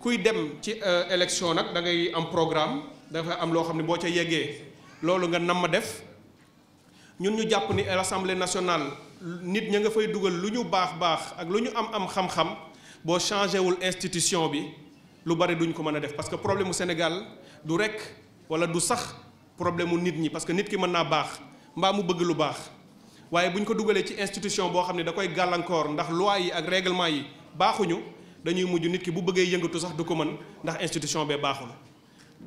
kuy dem ci euh, élection nag da ngay am programme dafay am loo xam ne boo ca yeggee loolu nga nam ma def ñun ñu jàpp ni l'Assemblée nationale nit ñi nga fay dugal lu ñu baax baax ak lu ñu am am xam-xam boo changé institution bi lu bari duñ ko mën a def parce que problème mu Sénégal du rek walla du sax problème mu nit ñi parce que nit ki mën naa baax mbaa mu bëgg lu baax waaye bu ñu ko dugalee ci institution boo xam ne da koy gàllankoor ndax loi yi ak réglement yi baaxuñu dañuy mujj nit ki bu bëggee yëngatu sax du ko mën ndax institution bee baaxul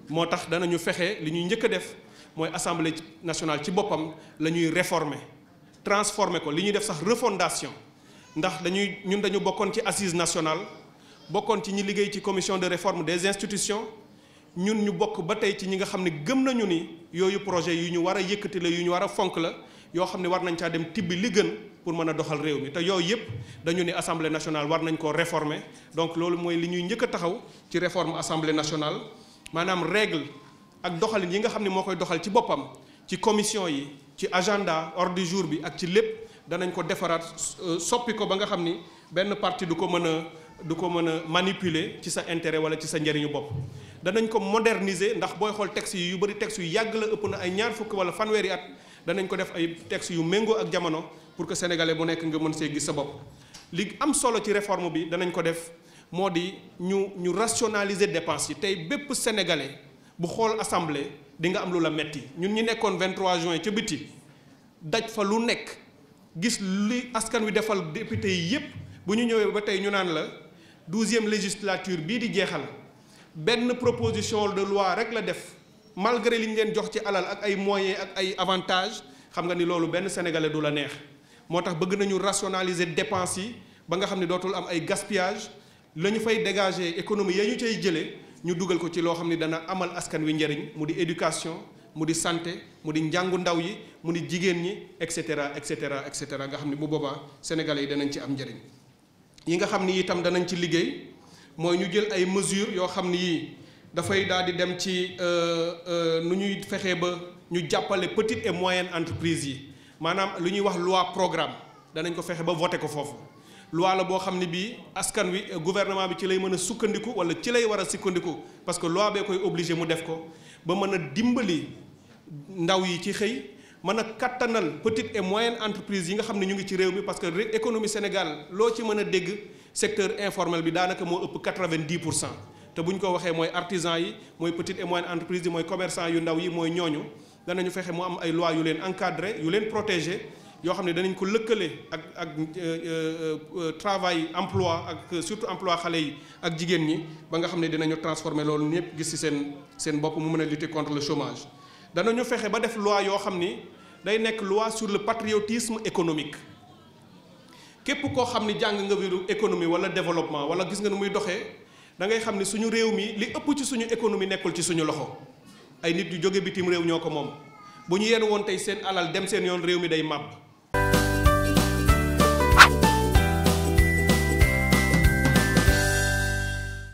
moo tax danañu fexe li ñuy njëkk a def mooy assemblée nationale ci boppam la ñuy réformer transformer ko li ñuy def sax refondation ndax dañuy ñun dañu bokkoon ci assise nationale bokkoon ci ñi liggéey ci commission de réforme des institutions ñun ñu bokk ba tey ci ñi nga xam ne gëm nañu ni yooyu projet yu ñu war a yëkkati la yu ñu war a fonk la yoo xam ne war nañ caa dem tibbi li gën pour mën a doxal réew mi te yooyu yëpp dañu ni assemblée nationale war nañ koo réformer donc loolu mooy li ñuy njëkk a taxaw ci réforme assemblée nationale maanaam règle ak doxalin yi nga xam ne moo koy doxal ci boppam ci commission yi ci agenda ordre du jours bi ak ci lépp danañ ko defaraat euh, soppi ko ba nga xam ni benn partie du ko mën a du ko mën a manipuler ci sa intérêt wala ci sa njëriñu bopp danañ ko moderniser ndax booy xool texte yu bëri texte yu yàgg la ëpp na ay ñaar fukki wala fanweeri at danañ ko def ay texte yu méngoo ak jamono pour que sénégalais bu nekk nga mën see gis sa bopp. li am solo ci réforme bi danañ ko def moo di ñu ñu rationaliser dépense yi tey bépp sénégalais bu xool assemblée di nga am lu la metti ñun ñi nekkoon 23 juin ca biti daj fa lu nekk gis li askan wi defal député yi yépp bu ñu ñëwee ba tey ñu naan la douzième législature bii di jeexal. benn proposition de loi rek la def malgré li ñu leen jox ci alal ak ay moyens ak ay avantages xam nga ni loolu benn sénégalais du la neex moo tax bëgg nañu rationaliser dépenses yi ba nga xam ne dootul am ay gaspillage la ñu fay dégager économie ya ñu cay jëlee ñu dugal ko ci loo xam ni dana amal askan wi njëriñ mu di éducation mu di santé mu di njàngu ndaw yi mu di jigéen ñi et cetera et cetera et cetera nga xam ne bu boobaa sénégalais yi danañ ci am njëriñ yi nga xam ni itam danañ ci liggéey. mooy ñu jël ay mesures yoo xam ni yii dafay daal di dem ci euh, euh, nu ñuy fexee ba ñu jàppale petite et moyenne entreprise yi maanaam lu ñuy wax loi programme danañ ko fexe ba voté ko foofu. loi boo xam ni bii askan wi gouvernement bi ci lay mën a sukkandiku wala ci lay war a sukkandiku parce que loi bee koy obligé mu def ko ba mën a dimbali ndaw yi ci xëy. mën a kattanal petite et moyenne entreprise yi nga xam ne ñu ngi ci réew mi parce que économie Sénégal loo ci mën a dégg secteur informel bi daanaka moo ëpp quatre-vingt-dix pour cent te bu ñu ko waxee mooy artisan yi mooy petite et moyenne entreprise yi mooy commerçant yu ndaw yi mooy ñooñu danañu fexe mu am ay loi yu leen encadré yu leen protégé yoo xam ne danañ ko lëkkale ak ak euh, euh, euh, travail emploi ak surtout emploi xale yi ak jigéen ñi ba nga xam ne dinañu transformer loolu ñëpp gis ci seen seen bopp mu mën a lutter contre le chômage ñu fexe ba def loi yoo xam ni day nekk loi sur le patriotisme économique képp koo xam ni jàng nga wéru économie wala développement wala gis nga nu muy doxee da ngay xam ni suñu réew mi li ëpp ci suñu économie nekkul ci suñu loxo ay nit yu jóge bitim réew ñoo ko moom bu ñu yenn woon tey seen alal dem seen yoon réew mi day màbb